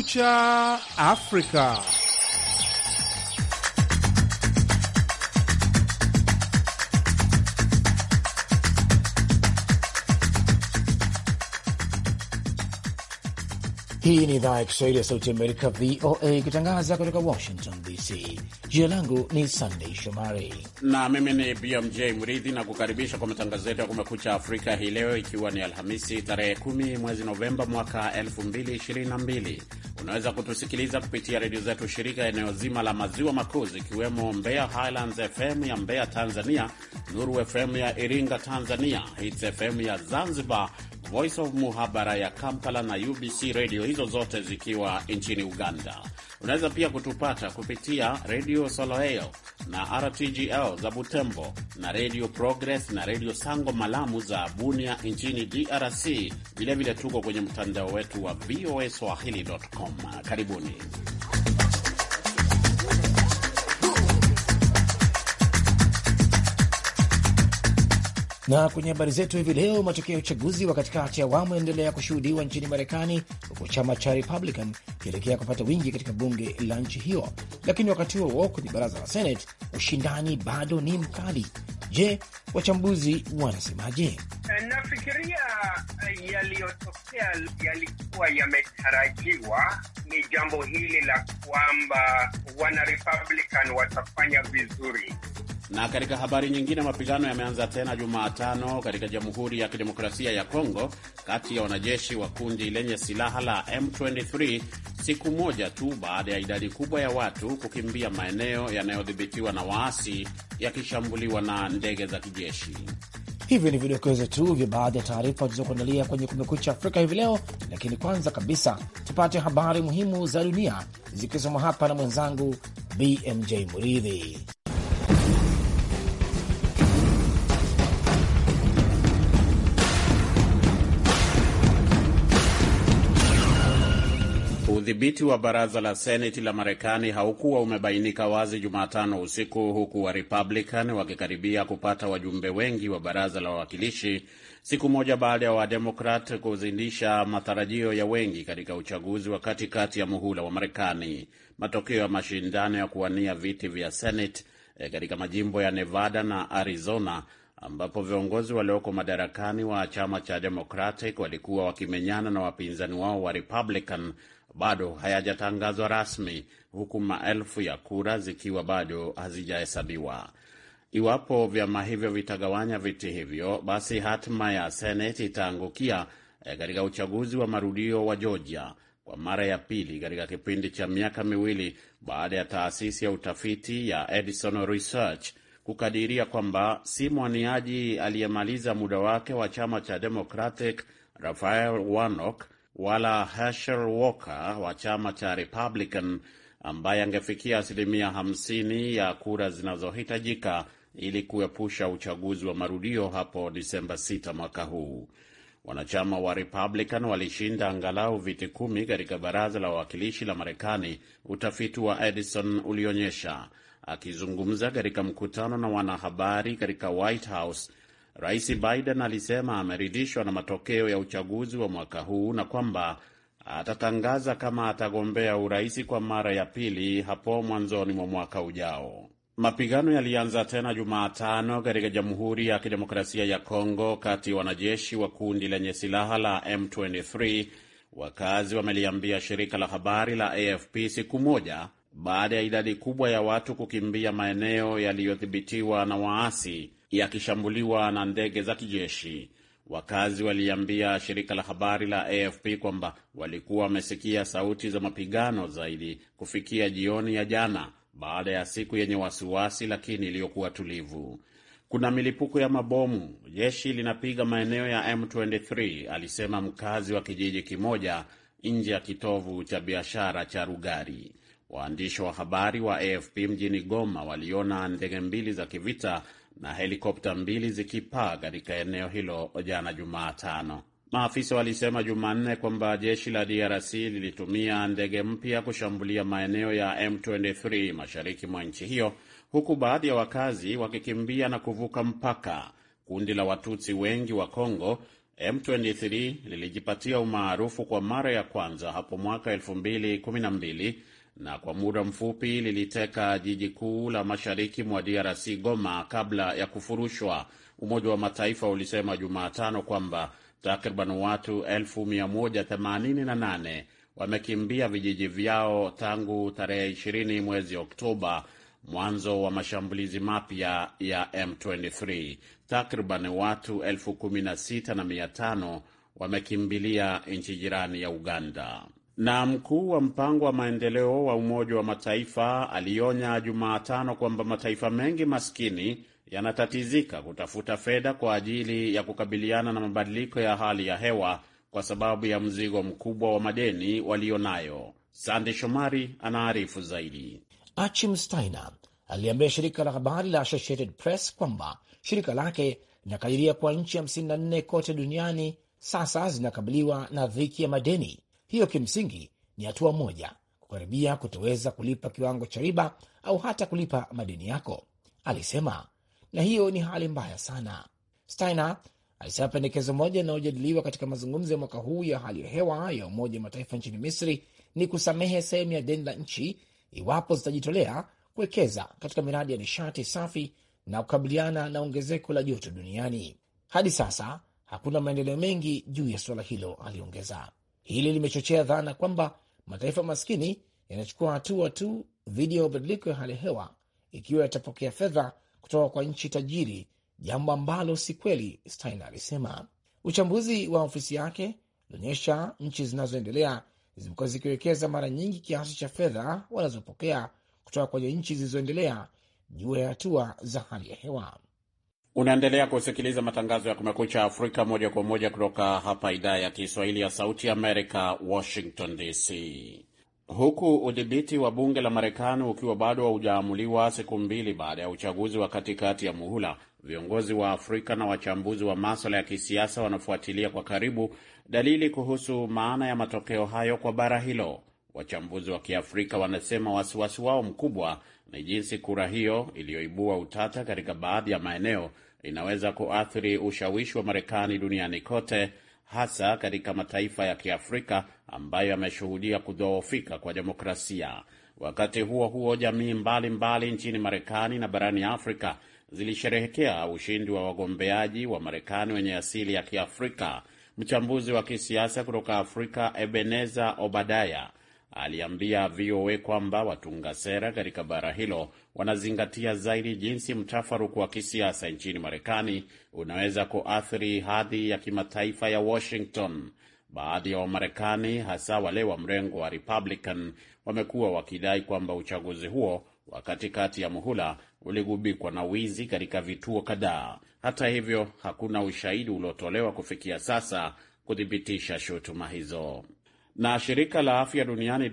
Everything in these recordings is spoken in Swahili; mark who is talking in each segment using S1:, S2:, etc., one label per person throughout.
S1: Kumekucha Afrika.
S2: Hii ni idhaa ya Kiswahili ya Sauti Amerika, VOA, ikitangaza kutoka Washington DC. Jina langu ni Sandei Shomari
S3: na mimi ni BMJ Mridhi na kukaribisha kwa matangazo yetu ya Kumekucha Afrika hii leo, ikiwa ni Alhamisi tarehe 10 mwezi Novemba mwaka 2022. Unaweza kutusikiliza kupitia redio zetu shirika eneo zima la maziwa makuu zikiwemo Mbeya Highlands FM ya Mbeya Tanzania, Nuru FM ya Iringa Tanzania, Hits FM ya Zanzibar Voice of Muhabara ya Kampala na UBC redio, hizo zote zikiwa nchini Uganda. Unaweza pia kutupata kupitia redio Soloeo na RTGL za Butembo na redio Progress na redio Sango Malamu za Bunia nchini DRC. Vilevile tuko kwenye mtandao wetu wa VOA Swahili.com. Karibuni.
S2: Na kwenye habari zetu hivi leo, matokeo ya uchaguzi wa katikati ya awamu yanaendelea kushuhudiwa nchini Marekani, huku chama cha Republican kielekea kupata wingi katika bunge la nchi hiyo. Lakini wakati huo huo, kwenye baraza la Senate ushindani bado ni mkali. Je, wachambuzi wanasemaje?
S1: Nafikiria eh, yaliyotokea yalikuwa yametarajiwa. Ni jambo hili la kwamba wana Republican watafanya vizuri.
S3: Na katika habari nyingine, mapigano yameanza tena Jumatatu mapatano katika Jamhuri ya Kidemokrasia ya Kongo kati ya wanajeshi wa kundi lenye silaha la M23 siku moja tu baada ya idadi kubwa ya watu kukimbia maeneo yanayodhibitiwa na waasi yakishambuliwa na ndege za kijeshi.
S2: Hivyo ni vidokezo tu vya baadhi ya taarifa tulizokuandalia kwenye Kumekucha Afrika hivi leo, lakini kwanza kabisa tupate habari muhimu za dunia zikisoma hapa na mwenzangu BMJ Muridhi.
S3: Udhibiti wa baraza la seneti la Marekani haukuwa umebainika wazi Jumatano usiku, huku wa Republican wakikaribia kupata wajumbe wengi wa baraza la wawakilishi siku moja baada ya Wademokrat kuzidisha matarajio ya wengi katika uchaguzi wa katikati ya muhula wa Marekani. Matokeo ya mashindano ya kuwania viti vya seneti eh, katika majimbo ya Nevada na Arizona ambapo viongozi walioko madarakani wa chama cha Democratic walikuwa wakimenyana na wapinzani wao wa Republican bado hayajatangazwa rasmi, huku maelfu ya kura zikiwa bado hazijahesabiwa. Iwapo vyama hivyo vitagawanya viti hivyo, basi hatima ya Senate itaangukia eh, katika uchaguzi wa marudio wa Georgia kwa mara ya pili katika kipindi cha miaka miwili baada ya taasisi ya utafiti ya Edison Research kukadiria kwamba si mwaniaji aliyemaliza muda wake wa chama cha Democratic rafael Warnock wala Herschel Walker wa chama cha Republican ambaye angefikia asilimia 50 ya kura zinazohitajika ili kuepusha uchaguzi wa marudio hapo Disemba 6 mwaka huu. Wanachama wa Republican walishinda angalau viti kumi katika baraza la wawakilishi la Marekani, utafiti wa Edison ulionyesha. Akizungumza katika mkutano na wanahabari katika White House, Rais Biden alisema ameridhishwa na matokeo ya uchaguzi wa mwaka huu na kwamba atatangaza kama atagombea urais kwa mara ya pili hapo mwanzoni mwa mwaka ujao. Mapigano yalianza tena Jumatano katika Jamhuri ya Kidemokrasia ya Kongo kati ya wanajeshi wa kundi lenye silaha la M23, wakazi wameliambia shirika la habari la AFP siku moja baada ya idadi kubwa ya watu kukimbia maeneo yaliyodhibitiwa na waasi yakishambuliwa na ndege za kijeshi. Wakazi waliambia shirika la habari la AFP kwamba walikuwa wamesikia sauti za mapigano zaidi kufikia jioni ya jana, baada ya siku yenye wasiwasi lakini iliyokuwa tulivu. Kuna milipuko ya mabomu, jeshi linapiga maeneo ya M23, alisema mkazi wa kijiji kimoja nje ya kitovu cha biashara cha Rugari. Waandishi wa habari wa AFP mjini Goma waliona ndege mbili za kivita na helikopta mbili zikipaa katika eneo hilo jana Jumatano. Maafisa walisema Jumanne kwamba jeshi la DRC lilitumia ndege mpya kushambulia maeneo ya M23 mashariki mwa nchi hiyo, huku baadhi ya wakazi wakikimbia na kuvuka mpaka. Kundi la Watutsi wengi wa congo M23 lilijipatia umaarufu kwa mara ya kwanza hapo mwaka 2012 na kwa muda mfupi liliteka jiji kuu la mashariki mwa DRC, Goma, kabla ya kufurushwa. Umoja wa Mataifa ulisema Jumatano kwamba takriban watu 188 wamekimbia vijiji vyao tangu tarehe 20 mwezi Oktoba, mwanzo wa mashambulizi mapya ya M23. Takriban watu elfu na wamekimbilia nchi jirani ya Uganda. Na mkuu wa mpango wa maendeleo wa Umoja wa Mataifa alionya Jumatano kwamba mataifa mengi maskini yanatatizika kutafuta fedha kwa ajili ya kukabiliana na mabadiliko ya hali ya hewa kwa sababu ya mzigo mkubwa wa madeni walionayo. Sande Shomari anaarifu zaidi.
S2: Achim Steiner aliambia shirika la habari la Associated Press kwamba shirika lake linakadiria kuwa nchi 54 kote duniani sasa zinakabiliwa na dhiki ya madeni hiyo kimsingi ni hatua moja kukaribia kutoweza kulipa kiwango cha riba au hata kulipa madeni yako, alisema, na hiyo ni hali mbaya sana. Steiner alisema pendekezo moja linalojadiliwa katika mazungumzo ya mwaka huu ya hali ya hewa ya Umoja wa Mataifa nchini Misri ni kusamehe sehemu ya deni la nchi iwapo zitajitolea kuwekeza katika miradi ya nishati safi na kukabiliana na ongezeko la joto duniani. Hadi sasa hakuna maendeleo mengi juu ya suala hilo, aliongeza. Hili limechochea dhana kwamba mataifa maskini yanachukua hatua tu dhidi ya mabadiliko ya hali ya hewa ikiwa yatapokea fedha kutoka kwa nchi tajiri, jambo ambalo si kweli, Stein alisema. Uchambuzi wa ofisi yake ulionyesha nchi zinazoendelea zimekuwa zikiwekeza mara nyingi kiasi cha fedha wanazopokea kutoka kwenye nchi zilizoendelea juu ya hatua za hali ya hewa.
S3: Unaendelea kusikiliza matangazo ya Kumekucha Afrika moja kwa moja kutoka hapa idhaa ya Kiswahili ya Sauti Amerika, Washington DC. Huku udhibiti wa bunge la Marekani ukiwa bado haujaamuliwa siku mbili baada ya uchaguzi wa katikati ya muhula, viongozi wa Afrika na wachambuzi wa maswala ya kisiasa wanafuatilia kwa karibu dalili kuhusu maana ya matokeo hayo kwa bara hilo. Wachambuzi wa Kiafrika wanasema wasiwasi wao mkubwa ni jinsi kura hiyo iliyoibua utata katika baadhi ya maeneo inaweza kuathiri ushawishi wa Marekani duniani kote, hasa katika mataifa ya Kiafrika ambayo yameshuhudia kudhoofika kwa demokrasia. Wakati huo huo, jamii mbalimbali mbali nchini Marekani na barani Afrika zilisherehekea ushindi wa wagombeaji wa Marekani wenye asili ya Kiafrika. Mchambuzi wa kisiasa kutoka Afrika Ebeneza Obadaya aliambia VOA kwamba watunga sera katika bara hilo wanazingatia zaidi jinsi mtafaruku wa kisiasa nchini Marekani unaweza kuathiri hadhi ya kimataifa ya Washington. Baadhi ya Wamarekani, hasa wale wa mrengo wa Republican, wamekuwa wakidai kwamba uchaguzi huo wa katikati ya muhula uligubikwa na wizi katika vituo kadhaa. Hata hivyo, hakuna ushahidi uliotolewa kufikia sasa kuthibitisha shutuma hizo. Na shirika la afya duniani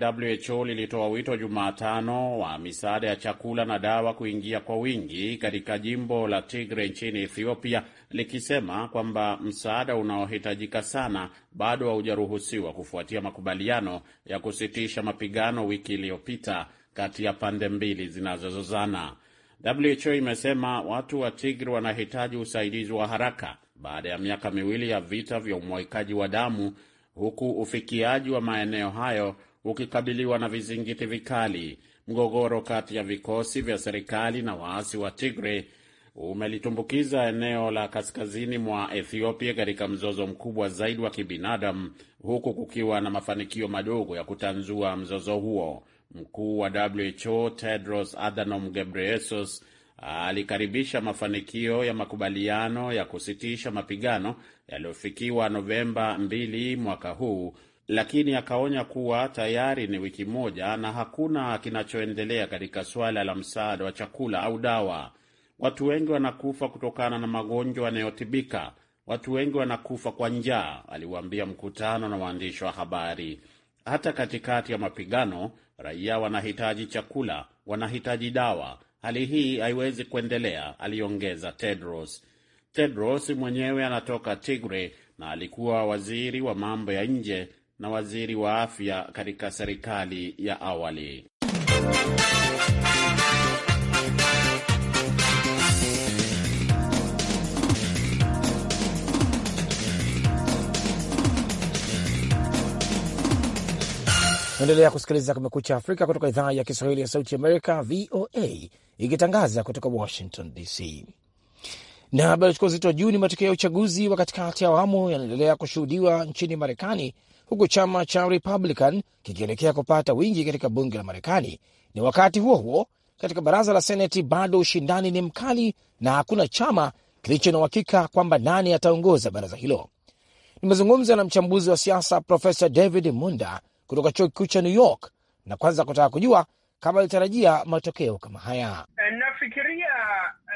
S3: WHO lilitoa wito Jumatano wa misaada ya chakula na dawa kuingia kwa wingi katika jimbo la tigre nchini Ethiopia, likisema kwamba msaada unaohitajika sana bado haujaruhusiwa kufuatia makubaliano ya kusitisha mapigano wiki iliyopita kati ya pande mbili zinazozozana. WHO imesema watu wa tigre wanahitaji usaidizi wa haraka baada ya miaka miwili ya vita vya umwagikaji wa damu huku ufikiaji wa maeneo hayo ukikabiliwa na vizingiti vikali. Mgogoro kati ya vikosi vya serikali na waasi wa Tigre umelitumbukiza eneo la kaskazini mwa Ethiopia katika mzozo mkubwa zaidi wa kibinadamu, huku kukiwa na mafanikio madogo ya kutanzua mzozo huo. Mkuu wa WHO Tedros Adhanom Ghebreyesus alikaribisha mafanikio ya makubaliano ya kusitisha mapigano yaliyofikiwa Novemba 2 mwaka huu, lakini akaonya kuwa tayari ni wiki moja na hakuna kinachoendelea katika suala la msaada wa chakula au dawa. Watu wengi wanakufa kutokana na magonjwa yanayotibika. Watu wengi wanakufa kwa njaa, aliwaambia mkutano na waandishi wa habari. Hata katikati ya mapigano, raia wanahitaji chakula, wanahitaji dawa Hali hii haiwezi kuendelea, aliongeza Tedros. Tedros mwenyewe anatoka Tigre na alikuwa waziri wa mambo ya nje na waziri wa afya katika serikali ya awali.
S2: Naendelea kusikiliza Kumekucha Afrika kutoka idhaa ya Kiswahili ya Sauti Amerika, VOA ikitangaza kutoka Washington DC. Na habari chukua uzito wa juu ni matokeo ya uchaguzi wa katikati ya awamu yanaendelea kushuhudiwa nchini Marekani, huku chama cha Republican kikielekea kupata wingi katika bunge la Marekani. Ni wakati huo huo, katika baraza la Seneti bado ushindani ni mkali na hakuna chama kilicho na uhakika kwamba nani ataongoza baraza hilo. Nimezungumza na mchambuzi wa siasa Profesa David Munda kutoka chuo kikuu cha New York na kwanza kutaka kujua kama alitarajia matokeo kama haya.
S1: E, nafikiria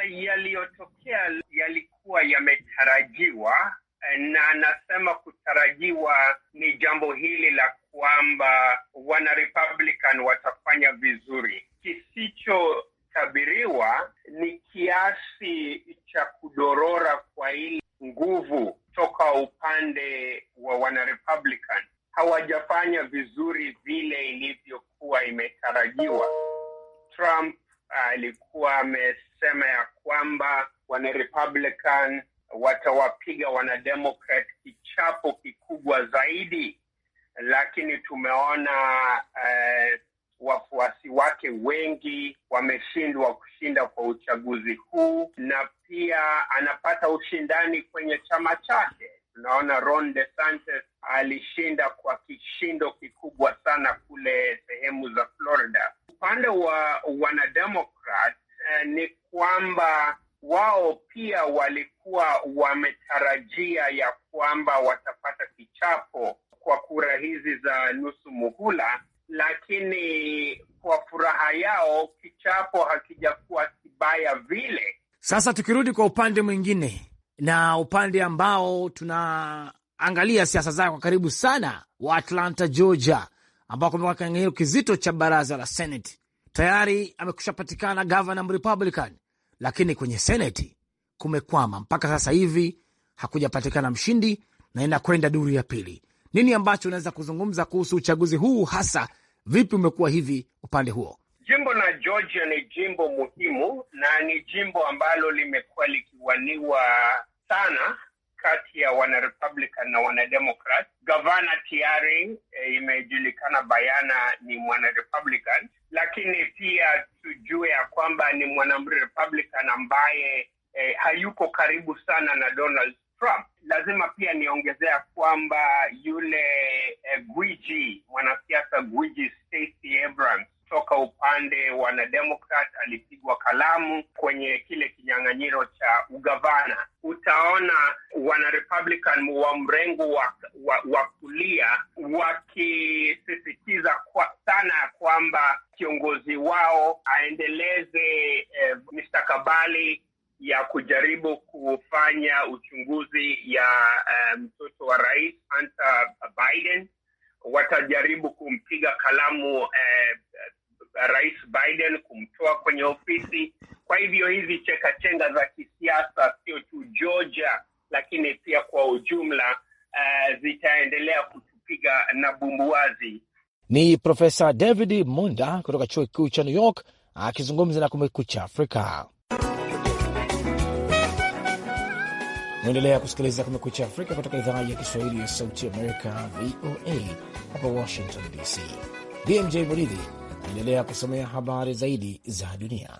S1: e, yaliyotokea yalikuwa yametarajiwa, e, na anasema kutarajiwa ni jambo hili la kwamba wana Republican watafanya vizuri. Kisichotabiriwa ni kiasi cha kudorora kwa ile nguvu toka upande wa wana Republican hawajafanya vizuri vile ilivyokuwa imetarajiwa. Trump uh, alikuwa amesema ya kwamba wana Republican watawapiga wanademokrat kichapo kikubwa zaidi, lakini tumeona uh, wafuasi wake wengi wameshindwa kushinda kwa uchaguzi huu, na pia anapata ushindani kwenye chama chake. Tunaona Ron De Santis alishinda kwa kishindo kikubwa sana kule sehemu za Florida. Upande wa wanademokrat eh, ni kwamba wao pia walikuwa wametarajia ya kwamba watapata kichapo kwa kura hizi za nusu muhula, lakini kwa furaha yao kichapo hakijakuwa kibaya vile.
S2: Sasa tukirudi kwa upande mwingine na upande ambao tunaangalia siasa zake kwa karibu sana wa Atlanta, Georgia, ambao kumekuwa kinyang'anyiro kizito cha baraza la Senate. Tayari amekushapatikana gavana Mrepublican, lakini kwenye Senate kumekwama mpaka sasa hivi, hakujapatikana mshindi na inakwenda duru ya pili. Nini ambacho unaweza kuzungumza kuhusu uchaguzi huu, hasa vipi umekuwa hivi upande huo?
S1: Georgia ni jimbo muhimu na ni jimbo ambalo limekuwa likiwaniwa sana kati ya wanarepublican na wanademokrat. Gavana tayari e, eh, imejulikana bayana ni mwanarepublican, lakini pia tujue ya kwamba ni mwanarepublican ambaye e, hayuko karibu sana na Donald Trump. Lazima pia niongezea kwamba yule e, gwiji mwanasiasa gwiji Stacey Abrams kutoka upande wa Democrat alipigwa kalamu kwenye kile kinyang'anyiro cha ugavana. Utaona wanarepublican wa mrengo wa, wa, wa kulia wakisisitiza kwa sana kwamba kiongozi wao aendeleze eh, mistakabali ya kujaribu kufanya uchunguzi ya eh, mtoto um, wa rais Hunter Biden. Watajaribu kumpiga kalamu eh, Uh, Rais Biden kumtoa kwenye ofisi. Kwa hivyo hizi chekachenga za kisiasa sio tu Georgia, lakini pia kwa ujumla uh, zitaendelea kutupiga na bumbuazi.
S2: Ni Profesa David Munda kutoka chuo kikuu cha New York akizungumza na Kumekucha Afrika. Naendelea kusikiliza Kumekucha Afrika kutoka idhaa ya Kiswahili ya Sauti Amerika, VOA hapa Washington DC. BMJ Muridhi Endelea kusomea habari zaidi za dunia.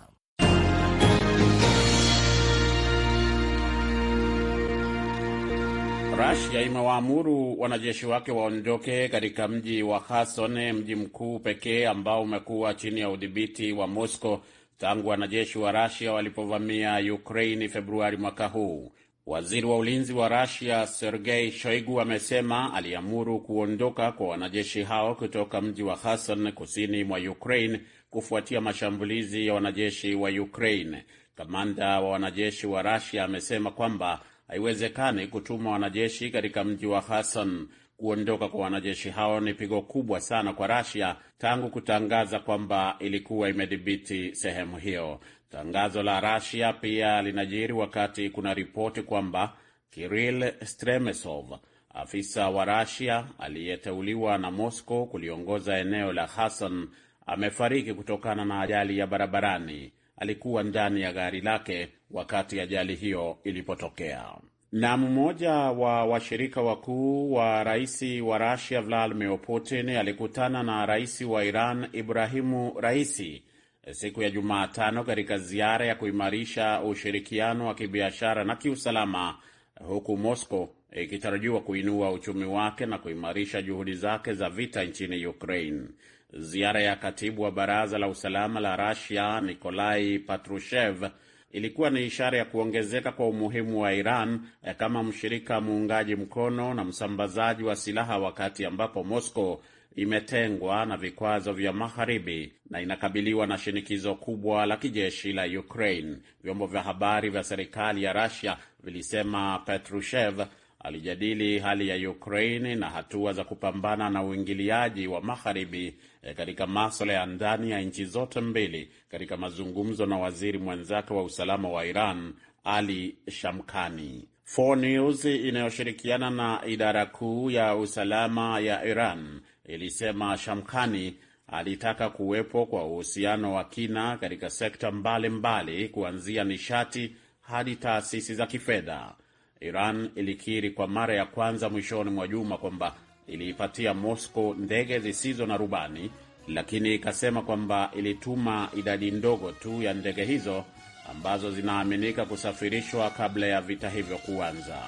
S3: Rasia imewaamuru wanajeshi wake waondoke katika mji wa Kherson, mji mkuu pekee ambao umekuwa chini ya udhibiti wa Moscow tangu wanajeshi wa Rasia walipovamia Ukraini Februari mwaka huu. Waziri wa ulinzi wa Rusia Sergei Shoigu amesema aliamuru kuondoka kwa wanajeshi hao kutoka mji wa Kherson kusini mwa Ukraine kufuatia mashambulizi ya wanajeshi wa Ukraine. Kamanda wa wanajeshi wa Rusia amesema kwamba haiwezekani kutuma wanajeshi katika mji wa Kherson. Kuondoka kwa wanajeshi hao ni pigo kubwa sana kwa rasia tangu kutangaza kwamba ilikuwa imedhibiti sehemu hiyo. Tangazo la Russia pia linajiri wakati kuna ripoti kwamba Kirill Stremesov, afisa wa Russia aliyeteuliwa na Moscow kuliongoza eneo la Kherson, amefariki kutokana na ajali ya barabarani. Alikuwa ndani ya gari lake wakati ajali hiyo ilipotokea. Na mmoja wa washirika wakuu wa rais wa Russia Vladimir Putin alikutana na rais wa Iran Ibrahimu Raisi siku ya Jumatano katika ziara ya kuimarisha ushirikiano wa kibiashara na kiusalama, huku Moscow ikitarajiwa kuinua uchumi wake na kuimarisha juhudi zake za vita nchini Ukraine. Ziara ya katibu wa baraza la usalama la Russia Nikolai Patrushev ilikuwa ni ishara ya kuongezeka kwa umuhimu wa Iran kama mshirika muungaji mkono na msambazaji wa silaha, wakati ambapo Moscow imetengwa na vikwazo vya magharibi na inakabiliwa na shinikizo kubwa la kijeshi la Ukraine. Vyombo vya habari vya serikali ya Russia vilisema Petrushev alijadili hali ya Ukraine na hatua za kupambana na uingiliaji wa magharibi e, katika maswala ya ndani ya nchi zote mbili katika mazungumzo na waziri mwenzake wa usalama wa Iran Ali Shamkani. 4 News inayoshirikiana na idara kuu ya usalama ya Iran ilisema Shamkhani alitaka kuwepo kwa uhusiano wa kina katika sekta mbalimbali mbali, kuanzia nishati hadi taasisi za kifedha. Iran ilikiri kwa mara ya kwanza mwishoni mwa juma kwamba iliipatia Moscow ndege zisizo na rubani, lakini ikasema kwamba ilituma idadi ndogo tu ya ndege hizo ambazo zinaaminika kusafirishwa kabla ya vita hivyo kuanza.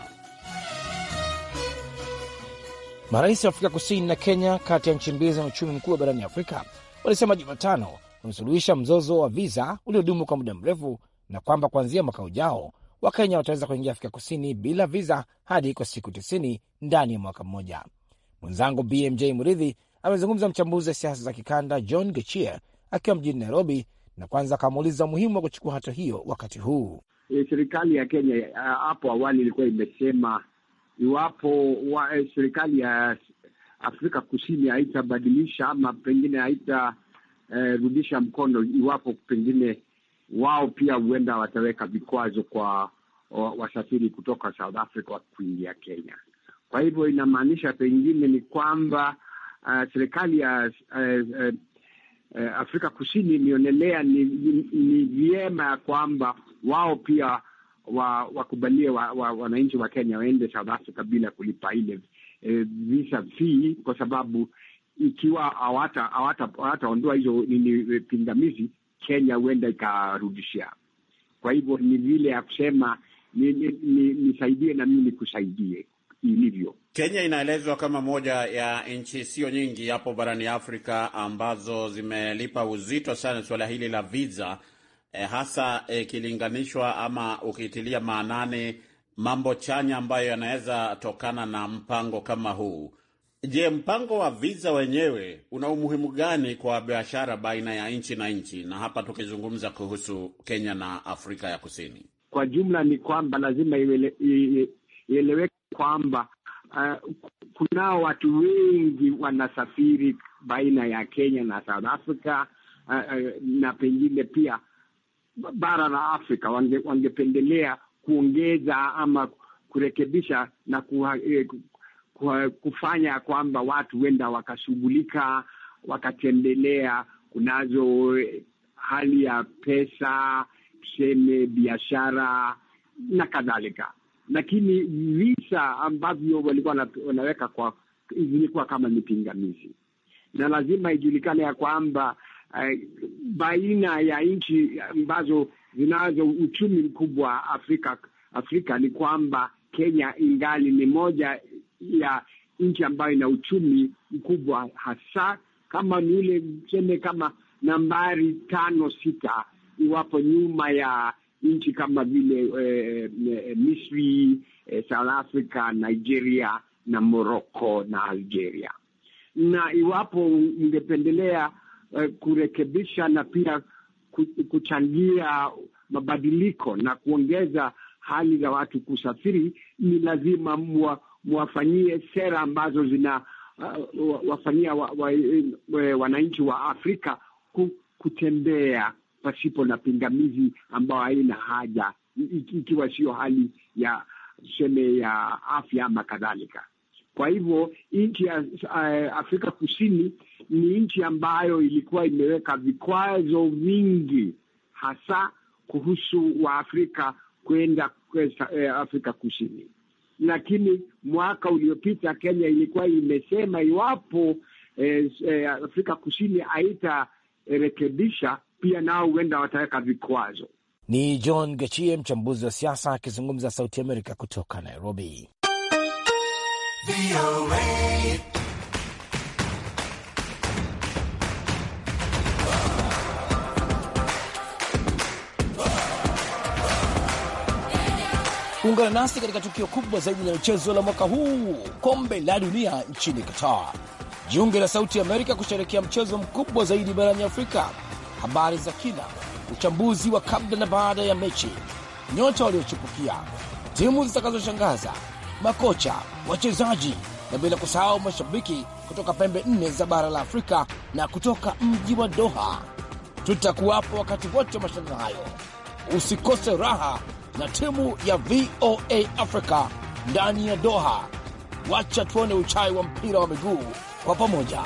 S2: Marais wa Afrika Kusini na Kenya, kati ya nchi mbili zenye uchumi mkubwa barani Afrika, walisema Jumatano wamesuluhisha mzozo wa viza uliodumu kwa muda mrefu na kwamba kuanzia mwaka ujao Wakenya wataweza kuingia Afrika Kusini bila viza hadi kwa siku tisini ndani ya mwaka mmoja. Mwenzangu BMJ Muridhi amezungumza mchambuzi wa siasa za kikanda John Gachie akiwa mjini Nairobi na kwanza akamuuliza umuhimu wa kuchukua hatua hiyo wakati huu.
S4: E, serikali ya Kenya e, hapo awali ilikuwa imesema iwapo e, serikali ya Afrika Kusini haitabadilisha ama pengine haitarudisha e, mkono, iwapo pengine wao pia huenda wataweka vikwazo kwa wasafiri kutoka South Africa kuingia Kenya. Kwa hivyo inamaanisha pengine ni kwamba uh, serikali ya uh, uh, eh, Afrika Kusini imeonelea ni, ni, ni vyema ya kwamba wao pia wa, wakubalie wananchi wa, wa, wa Kenya waende South Africa bila kulipa ile eh, visa fee, kwa sababu ikiwa hawataondoa hizo nini eh, pingamizi, Kenya huenda ikarudishia. Kwa hivyo ni vile ya kusema nisaidie ni, ni, ni na mimi
S3: nikusaidie ilivyo. Kenya inaelezwa kama moja ya nchi sio nyingi hapo barani Afrika ambazo zimelipa uzito sana suala hili la visa e, hasa ikilinganishwa e, ama ukiitilia maanani mambo chanya ambayo yanaweza tokana na mpango kama huu. Je, mpango wa visa wenyewe una umuhimu gani kwa biashara baina ya nchi na nchi, na hapa tukizungumza kuhusu Kenya na Afrika ya Kusini
S4: kwa jumla? Ni kwamba lazima ieleweke kwamba uh, kunao watu wengi wanasafiri baina ya Kenya na South Africa uh, uh, na pengine pia bara la Afrika wange, wangependelea kuongeza ama kurekebisha na kuha, eh, kuha, kufanya kwamba watu wenda wakashughulika wakatembelea. Kunazo eh, hali ya pesa, tuseme biashara na kadhalika lakini visa ambavyo walikuwa wanaweka kwa zilikuwa kama ni pingamizi, na lazima ijulikane ya kwamba eh, baina ya nchi ambazo zinazo uchumi mkubwa Afrika Afrika ni kwamba Kenya ingali ni moja ya nchi ambayo ina uchumi mkubwa hasa kama ni ule tuseme kama nambari tano sita, iwapo nyuma ya nchi kama vile eh, eh, Misri eh, South Africa, Nigeria na Morocco na Algeria. Na iwapo ungependelea eh, kurekebisha na pia kuchangia mabadiliko na kuongeza hali za watu kusafiri, ni lazima mwa, mwafanyie sera ambazo zina uh, wafanyia wa, wa, wa, eh, wananchi wa Afrika kutembea pasipo na pingamizi ambayo haina haja, ikiwa siyo hali ya tuseme ya afya ama kadhalika. Kwa hivyo nchi ya uh, Afrika Kusini ni nchi ambayo ilikuwa imeweka vikwazo vingi hasa kuhusu Waafrika kwenda e, Afrika Kusini, lakini mwaka uliopita Kenya ilikuwa imesema iwapo eh, Afrika Kusini haitarekebisha pia nao huenda wataweka vikwazo.
S2: Ni John Gachie, mchambuzi wa siasa akizungumza Sauti Amerika kutoka Nairobi. Ungana nasi katika tukio kubwa zaidi la michezo la mwaka huu, kombe la dunia nchini Qatar. Jiunge na Sauti Amerika kusherekea mchezo mkubwa zaidi barani Afrika habari za kina, uchambuzi wa kabla na baada ya mechi, nyota waliochipukia, timu zitakazoshangaza, makocha, wachezaji na bila kusahau mashabiki kutoka pembe nne za bara la Afrika na kutoka mji wa Doha. Tutakuwapo wakati wote wa mashindano hayo. Usikose raha na timu ya VOA Africa ndani ya Doha. Wacha tuone uchai wa mpira wa miguu kwa pamoja.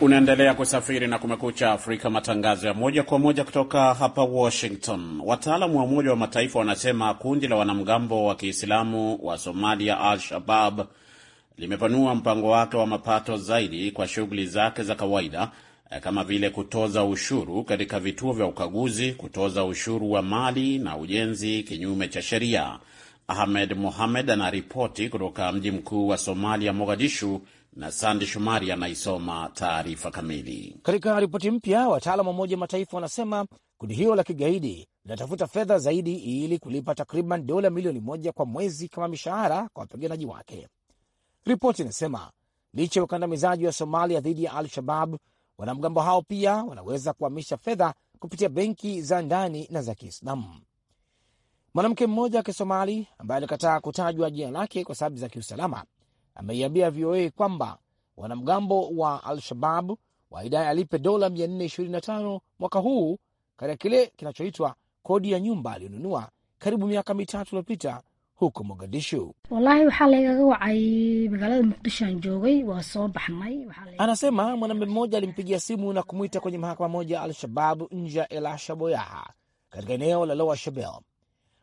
S3: Unaendelea kusafiri na Kumekucha Afrika, matangazo ya moja kwa moja kutoka hapa Washington. Wataalamu wa Umoja wa Mataifa wanasema kundi la wanamgambo wa Kiislamu wa Somalia, Al-Shabab, limepanua mpango wake wa mapato zaidi kwa shughuli zake za kawaida eh, kama vile kutoza ushuru katika vituo vya ukaguzi, kutoza ushuru wa mali na ujenzi kinyume cha sheria. Ahmed Mohamed anaripoti kutoka mji mkuu wa Somalia, Mogadishu, na Sandi Shomari anaisoma taarifa kamili.
S2: Katika ripoti mpya, wataalam wa Umoja Mataifa wanasema kundi hilo la kigaidi linatafuta fedha zaidi ili kulipa takriban dola milioni moja kwa mwezi kama mishahara kwa wapiganaji wake. Ripoti inasema licha ya ukandamizaji wa Somalia dhidi ya Al-Shabab, wanamgambo hao pia wanaweza kuhamisha fedha kupitia benki za ndani na za Kiislamu. Mwanamke mmoja wa Kisomali ambaye alikataa kutajwa jina lake kwa sababu za kiusalama ameiambia VOA kwamba wanamgambo wa Al-Shabab waidai alipe dola 425 mwaka huu katika kile kinachoitwa kodi ya nyumba aliyonunua karibu miaka mitatu iliyopita huko Mogadishu.
S5: Wallahi waxaa lagaga wacay magaalada Muqdisho aan joogay waa soo baxnay.
S2: Anasema mwanamume mmoja alimpigia simu na kumwita kwenye mahakama moja Al-Shabab nje ya El Ashaboyaha katika eneo la Lower Shabelle.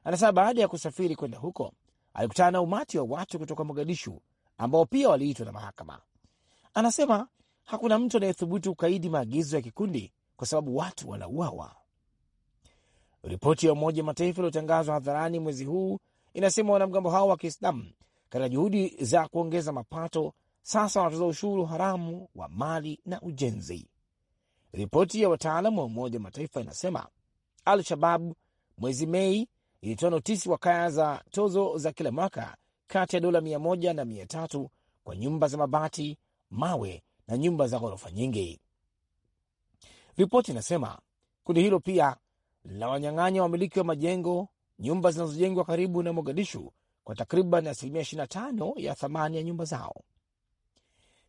S2: Anasema baada ya kusafiri kwenda huko alikutana na umati wa watu kutoka Mogadishu ambao pia waliitwa na mahakama. Anasema hakuna mtu anayethubutu ukaidi maagizo ya kikundi kwa sababu watu wanauawa. Ripoti ya Umoja Mataifa iliyotangazwa hadharani mwezi huu inasema wanamgambo hao wa Kiislamu katika juhudi za kuongeza mapato sasa wanatoza ushuru haramu wa mali na ujenzi. Ripoti ya wataalamu wa Umoja Mataifa inasema al shababu mwezi Mei ilitoa notisi kaya za tozo za kila mwaka kati ya dola mia moja na mia tatu kwa nyumba za mabati, mawe na nyumba za ghorofa nyingi. Ripoti inasema kundi hilo pia la wanyang'anya wamiliki wa majengo nyumba zinazojengwa karibu na Mogadishu kwa takriban asilimia 25 ya thamani ya nyumba zao.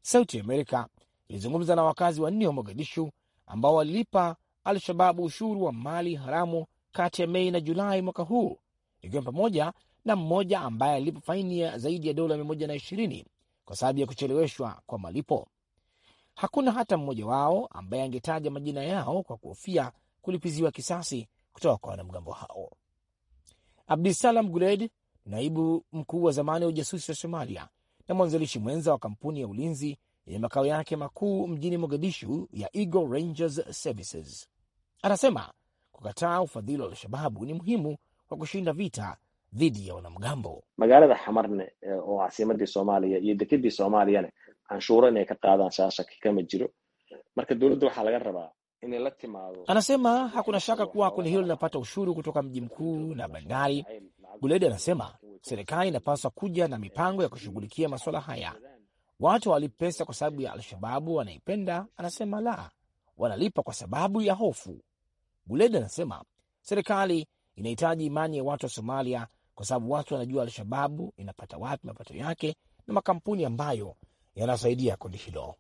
S2: Sauti Amerika ilizungumza na wakazi wanne wa Mogadishu ambao walilipa Alshababu ushuru wa mali haramu kati ya Mei na Julai mwaka huu, ikiwa pamoja na mmoja ambaye alilipa faini ya zaidi ya dola mia moja na ishirini kwa sababu ya kucheleweshwa kwa malipo. Hakuna hata mmoja wao ambaye angetaja majina yao kwa kuhofia kulipiziwa kisasi kutoka kwa wanamgambo hao. Abdisalam Guled, naibu mkuu wa zamani wa ujasusi wa Somalia na mwanzilishi mwenza wa kampuni ya ulinzi yenye makao yake makuu mjini Mogadishu ya Eagle Rangers Services, anasema kukataa ufadhili wa Alshababu ni muhimu kwa kushinda vita dhidi ya wanamgambo. Magaalada Xamarne eh, oo caasimadii ah Soomaaliya iyo dekedii Soomaaliyane canshuuro inay ka qaadaan shaashaki kama jiro, marka dowladda waxaa laga rabaa inay la timaado. Anasema hakuna shaka kuwa kundi hilo linapata ushuru kutoka mji mkuu na bandari. Guledi anasema serikali inapaswa kuja na mipango ya kushughulikia masuala haya. Watu hawalipi pesa kwa sababu ya Alshababu wanaipenda, anasema la, wanalipa kwa sababu ya hofu. Guledi anasema serikali inahitaji imani ya watu wa Somalia kwa sababu watu wanajua Alshababu inapata wapi mapato yake na makampuni ambayo yanasaidia kundi hilo.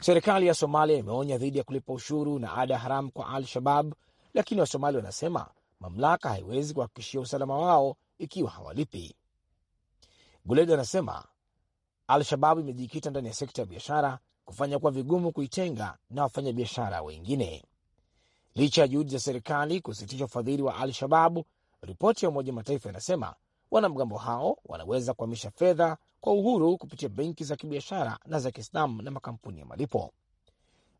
S2: Serikali ya Somalia imeonya dhidi ya kulipa ushuru na ada haramu kwa Al-Shabab, lakini Wasomali wanasema mamlaka haiwezi kuhakikishia usalama wao ikiwa hawalipi. Guled anasema Al-Shabab imejikita ndani ya sekta ya biashara, kufanya kuwa vigumu kuitenga na wafanyabiashara wengine. Licha ya juhudi za serikali kusitisha ufadhili wa Al-Shababu, Ripoti ya Umoja Mataifa inasema wanamgambo hao wanaweza kuhamisha fedha kwa uhuru kupitia benki za kibiashara na za Kiislamu na makampuni ya malipo.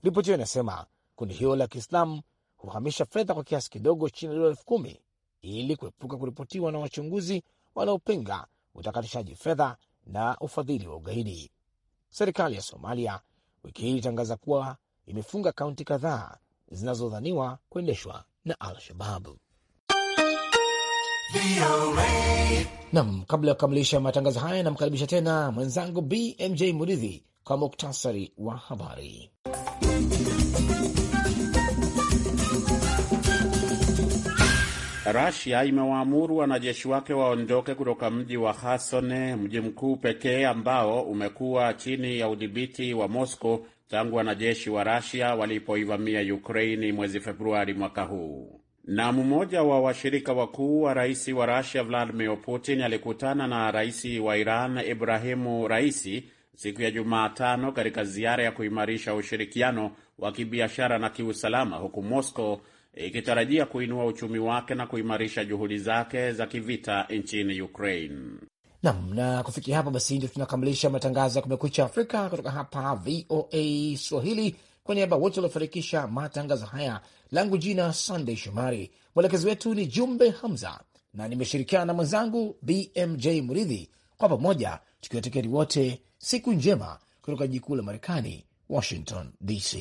S2: Ripoti hiyo inasema kundi hilo la Kiislamu huhamisha fedha kwa kiasi kidogo chini ya dola elfu kumi ili kuepuka kuripotiwa na wachunguzi wanaopinga utakatishaji fedha na ufadhili wa ugaidi. Serikali ya Somalia wiki hii ilitangaza kuwa imefunga kaunti kadhaa zinazodhaniwa kuendeshwa na Al-Shababu. Nam, kabla ya kukamilisha matangazo haya, namkaribisha tena mwenzangu BMJ Muridhi
S3: kwa muktasari wa habari. Rasia imewaamuru wanajeshi wake waondoke kutoka mji wa hasone mji mkuu pekee ambao umekuwa chini ya udhibiti wa mosco tangu wanajeshi wa Rasia walipoivamia Ukraini mwezi Februari mwaka huu. Na mmoja wa washirika wakuu wa rais wa Rusia Vladimir Putin alikutana na rais wa Iran Ibrahimu Raisi siku ya Jumatano katika ziara ya kuimarisha ushirikiano wa kibiashara na kiusalama, huku Moscow ikitarajia kuinua uchumi wake na kuimarisha juhudi zake za kivita nchini Ukraine.
S2: Nam na, na kufikia hapo basi ndio tunakamilisha matangazo ya Kumekucha Afrika kutoka hapa VOA Swahili. Kwa niaba wote waliofanikisha matangazo haya, langu jina Sandey Shomari, mwelekezi wetu ni Jumbe Hamza na nimeshirikiana na mwenzangu BMJ Muridhi, kwa pamoja tukiwatekeni wote siku njema kutoka jikuu la Marekani, Washington DC.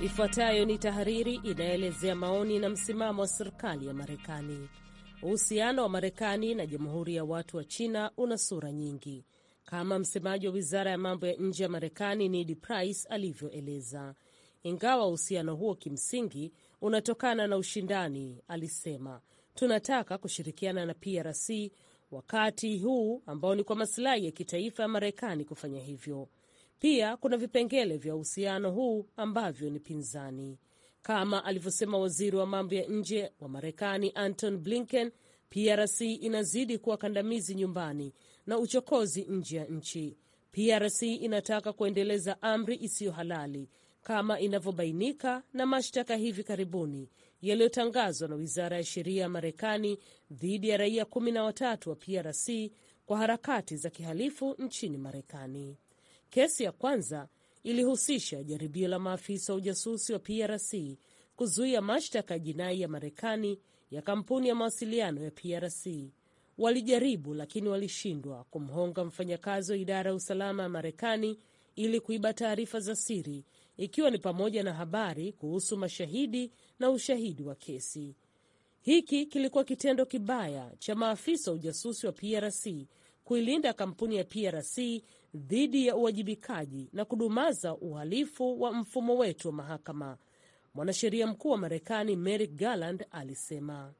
S5: Ifuatayo ni tahariri inayoelezea maoni na msimamo wa serikali ya Marekani. Uhusiano wa Marekani na Jamhuri ya Watu wa China una sura nyingi, kama msemaji wa wizara ya mambo ya nje ya Marekani Ned Price alivyoeleza. Ingawa uhusiano huo kimsingi unatokana na ushindani, alisema, tunataka kushirikiana na PRC wakati huu ambao ni kwa masilahi ya kitaifa ya Marekani kufanya hivyo. Pia kuna vipengele vya uhusiano huu ambavyo ni pinzani, kama alivyosema waziri wa mambo ya nje wa Marekani Anton Blinken. PRC inazidi kuwa kandamizi nyumbani na uchokozi nje ya nchi. PRC inataka kuendeleza amri isiyo halali kama inavyobainika na mashtaka hivi karibuni yaliyotangazwa na wizara ya sheria ya Marekani dhidi ya raia kumi na watatu wa PRC kwa harakati za kihalifu nchini Marekani. Kesi ya kwanza ilihusisha jaribio la maafisa wa ujasusi wa PRC kuzuia mashtaka ya jinai ya Marekani ya kampuni ya mawasiliano ya PRC. Walijaribu lakini walishindwa kumhonga mfanyakazi wa idara ya usalama ya Marekani ili kuiba taarifa za siri, ikiwa ni pamoja na habari kuhusu mashahidi na ushahidi wa kesi. Hiki kilikuwa kitendo kibaya cha maafisa wa ujasusi wa PRC kuilinda kampuni ya PRC dhidi ya uwajibikaji na kudumaza uhalifu wa mfumo wetu wa mahakama, mwanasheria mkuu wa Marekani Merrick Garland alisema.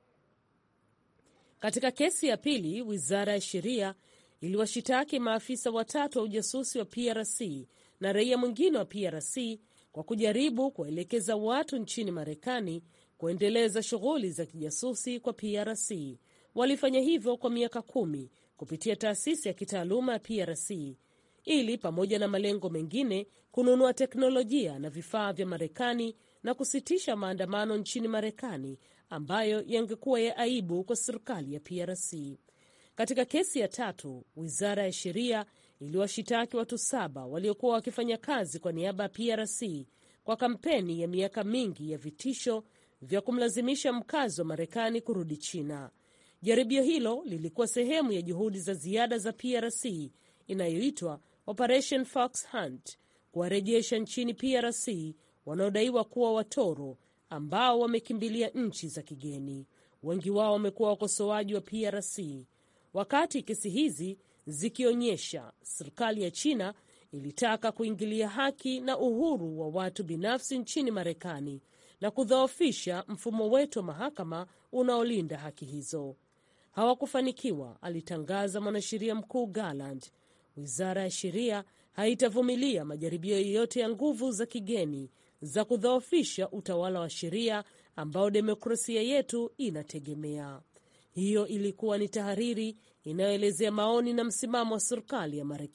S5: Katika kesi ya pili, wizara ya sheria iliwashitaki maafisa watatu wa ujasusi wa PRC na raia mwingine wa PRC kwa kujaribu kuwaelekeza watu nchini Marekani kuendeleza shughuli za kijasusi kwa PRC. Walifanya hivyo kwa miaka kumi kupitia taasisi ya kitaaluma ya PRC ili pamoja na malengo mengine kununua teknolojia na vifaa vya Marekani na kusitisha maandamano nchini Marekani ambayo yangekuwa ya aibu kwa serikali ya PRC. Katika kesi ya tatu, wizara ya sheria iliwashitaki watu saba waliokuwa wakifanya kazi kwa niaba ya PRC kwa kampeni ya miaka mingi ya vitisho vya kumlazimisha mkazi wa Marekani kurudi China. Jaribio hilo lilikuwa sehemu ya juhudi za ziada za PRC inayoitwa Operation Fox Hunt kuwarejesha nchini PRC wanaodaiwa kuwa watoro ambao wamekimbilia nchi za kigeni. Wengi wao wamekuwa wakosoaji wa PRC, wakati kesi hizi zikionyesha serikali ya China ilitaka kuingilia haki na uhuru wa watu binafsi nchini Marekani na kudhoofisha mfumo wetu wa mahakama unaolinda haki hizo hawakufanikiwa, alitangaza mwanasheria mkuu Garland. Wizara ya sheria haitavumilia majaribio yoyote ya nguvu za kigeni za kudhoofisha utawala wa sheria ambao demokrasia yetu inategemea. Hiyo ilikuwa ni tahariri inayoelezea maoni na msimamo wa serikali ya Marekani.